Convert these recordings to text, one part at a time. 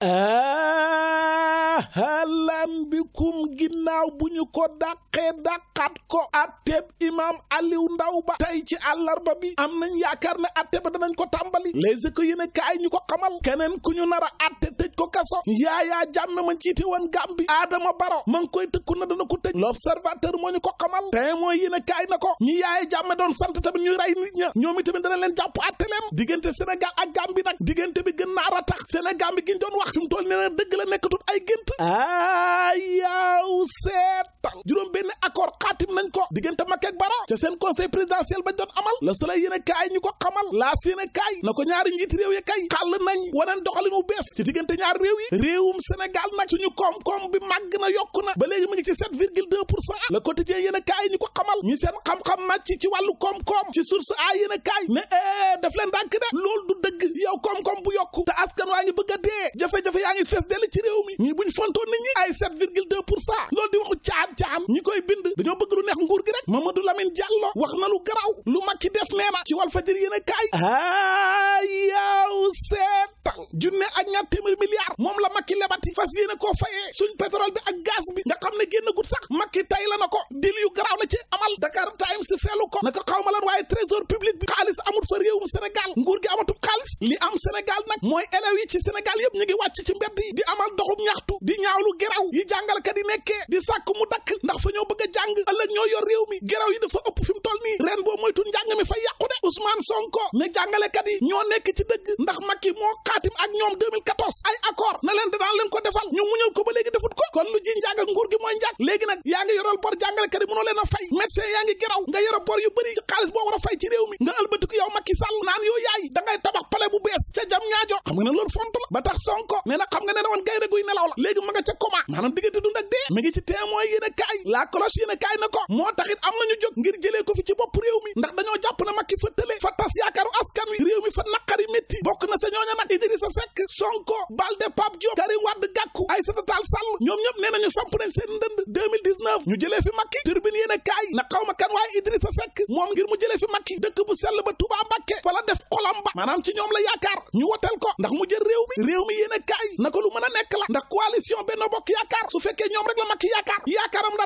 哎。halaan bikum ginnaaw bu ñu ko dàqee dàqaat ko atteb imaam Aliou Ndaw ba tey ci àllarba bi am nañ yaakaar ne atte ba danañ ko tàmbali les éco yéen kaay ñu ko xamal keneen ku ñu nar a atte tëj ko kaso yaayaa jàmme ma jiite woon Gàmbi Adama Baro ma ngi koy tëkku na dana ko tëj l'observateur moo ñu ko xamal tey mooy yéen kaay na ko ñi yaaya jàmme doon sant tamit ñuy rey nit ña ñoom itamit dana leen jàpp atte leen diggante Sénégal ak Gàmbi nag diggante bi gën naa ratax bi gi ñu mu toll nee na la nekkatul ay gént a yaaw seetal juróom benn accord xaatim nañ ko diggante Macky ak Baro ca seen conseil présidentiel ba doon amal Le Soleil yéen a kaay ko xamal laas yéen a kaay na ko ñaari njiit réew ya kay xàll nañ waneen doxalin wu bees ci diggante ñaari réew yi réewum Sénégal nag suñu koom-koom bi màgg na yokku na ba léegi ma ngi ci 7 virgule 2 pour cent Le Quotidien yéen a kaay ñu ko xamal ñi seen xam-xam màcc ci wàllu koom-koom ci source a yéen a kaay ne ee eh, daf leen dànk de loolu du dëgg yow koom-koom bu yokku te askan waa ngi bëgg a dee yaa ngi fees dell ci réew mi ñi fontoo nit ñi ay 7 virgule 2 pour cent loolu di waxu caam caam ñi koy bind dañoo bëgg lu neex nguur gi rek Mamadou Lamine Diallo wax na lu garaaw lu Macky def nee na ci Walfadjri yéen a kaay aa yow seet total junne ak ñaar téeméer milliards moom la Macky lebati fas yéene koo fayee suñ pétrole bi ak gaz bi nga xam ne génn gut sax Macky tay la na ko dil yu garaaw la ci amal Dakar Times si feelu ko naka xaw ma lan waaye trésor public bi xaalis amut fa réewum Sénégal nguur gi amatul xaalis li am Sénégal nag mooy élèves yi ci Sénégal yëpp ñu ngi wàcc ci mbedd yi di amal doxum ñaxtu di ñaawlu geraw yi kat yi nekkee di sàkk mu dakk ndax fa ñoo bëgg a ñoo yor réew mi geraw yi dafa ëpp fi mu toll nii ren boo moytu njàng mi fay yàqu de Ousmane Sonko yi ñoo nekk ci dëgg ndax Macky moo xaatim ak ñoom ay accord na leen danaan leen ko defal ñu muñal ko ba léegi defut ko kon lu ji njaag nguur gi mooy njaag léegi nag yaa ngi yoral bor jàngalekat yi mënoo leen a fay médecin yaa ngi geraw nga yoro bor yu bëri xaalis boo war fay ci réew mi nga ëlbatiku yow Macky Sall naan yow yaay da tabax pale bu bees ca jam ñaajo xam nga ne na xam gaynde guy nelaw la léegi ma nga ca coma maanaam diggante dund ak dee mi ngi ci témoin yéen a kaay la na ko moo taxit ko fi ci bopp réew mi ndax Sonko Balde Pape Diop Karim Wade Gakou Aïssata Tall Sall ñoom ñëpp nee nañu samp nañ seen ndënd 2019 ñu jëlee fi a kaay na xaw ma kan waaye Idrissa Seck moom ngir ndax mu na a la ndax coalition Benno Bokk Yaakaar su fekkee ñoom rek la Macky yaakaar yaakaaram ba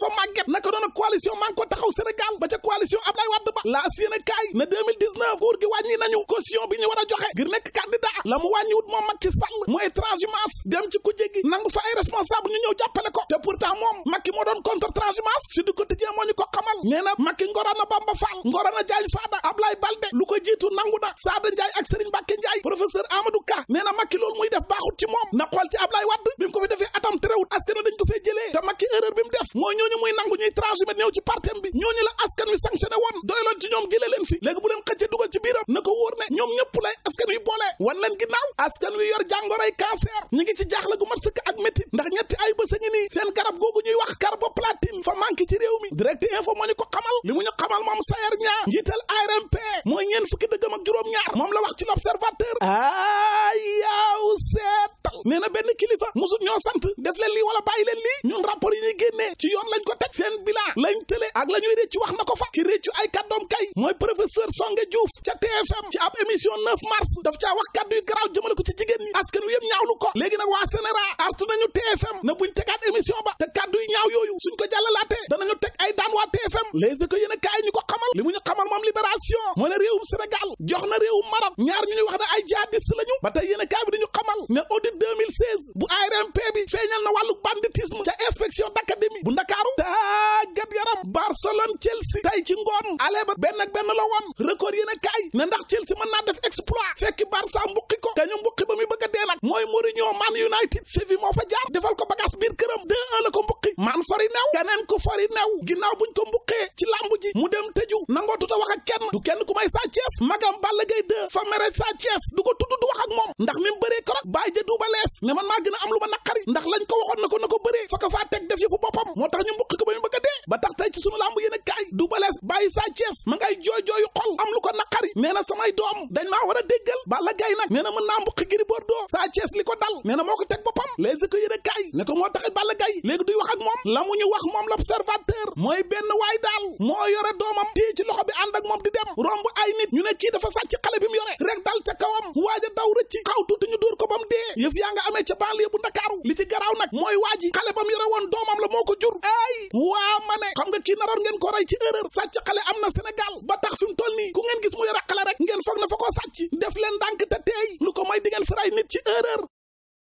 fa màgget naka doon a coalition taxaw Sénégal ba ca coalition Abdoulaye Wade ba laas yéen a na 2019 gi wàññi nañu caution bi ñu war a joxe ngir nekk candidat la mu wàññiwut moom Macky Sall mooy transhumance dem ci ku jéggi nangu fa ay responsable ñu ñëw jàppale ko te pourtant moom Macky moo doon contre transhumance si du quotidien moo ñu ko xamal nee na Macky ngoroon na Bamba Fall ngoroon na Diagne Fada Ablaye Balde lu ko jiitu nangu na Sada Ndiaye ak Serigne Mbacké Ndiaye professeur Amadou Ka nee loolu muy def baaxut ci moom na xool ci Ablaye Wade bi mu ko fi defee atam terewut askan wi ko fee jëlee te Macky erreur bi mu def mooy ñooñu muy nangu ñuy transhumé ñëw ci partem bi ndax ñetti ay bés a nii seen garab googu ñuy wax carboplatine fa manqué ci réew mi direct info moo ñu ko li mu ñu xamal moom Sayer Niang njiital ARMP mooy ñeen fukki dëggam ak juróom-ñaar moom la wax ci l'observateur ay yaw nee na benn kilifa musut ñoo sant def leen lii wala bàyyi leen lii ñun rapport yi ñuy génnee ci yoon lañ ko teg seen bilan lañ tële ak la ñuy wax na ko fa ki réccu ay kàddoom kay mooy professeur Songe Diouf ca TFM ci ab émission mars daf caa wax kàddu garaaw jëmale ko ci jigéen ñi askan wi yëpp ñaawlu ko léegi nag waa Sénéra artu nañu TFM na buñ tegaat émission ba te kàddu ñaaw yooyu suñ ko jàllalaatee danañu teg ay daan waa TFM lañu ba tey 2016 bu ARMP bi feeñal na wàllu banditisme ca inspection d'académie bu Ndakaaru tàggat yaram Arsenal Chelsea tey ci ngoon ale ba benn ak benn la woon record yéen a ne ndax Chelsea mën naa def exploit fekki Barça mbuqi ko kañu mbuqi ba muy bëgg dee nag mooy Mourinho Man United Séville moo fa jaar defal ko bagaas biir këram 2-1 la ko mbuqi man fari new keneen ko fari new ginnaaw buñ ko mbuqee ci làmb ji mu dem tëju nangoo tuta wax ak kenn du kenn ku may Sa Thiès magam Balla Gaye 2 fa mere Sa Thiès du ko tudd wax ak moom ndax mi I'm in the du balees bàyyi Sa Thiès ma ngay jooy-jooyu xol am lu ko naqari nee na samay doom dañ maa war a déggal Balla Gaye nag nee na mën naa mbuqi Gris Bordeaux Sa li ko dal nee na moo ko teg boppam les éco yéen kaay ne ko moo taxit Balla Gaye léegi duy wax ak moom la mu ñu wax moom l'observateur mooy benn waay daal moo yore doomam tii ci loxo bi ànd ak moom di dem romb ay nit ñu ne kii dafa sàcc xale bi mu yore rek dal ca kawam waaj daw rëcc xaw tuuti ñu dóor ko ba mu dee yëf yaa nga amee ca banlieue bu ndakaaru li ci garaaw mooy waa ji xale ba mu moo ko jur ay waa ma ne xam ko rey ci ci erreur sàcc xale am na Sénégal ba tax fi mu toll nii ku ngeen gis mu yore xale rek ngeen foog na fa ko sàcc def leen ndànk te teey lu ko may di ngeen nit ci erreur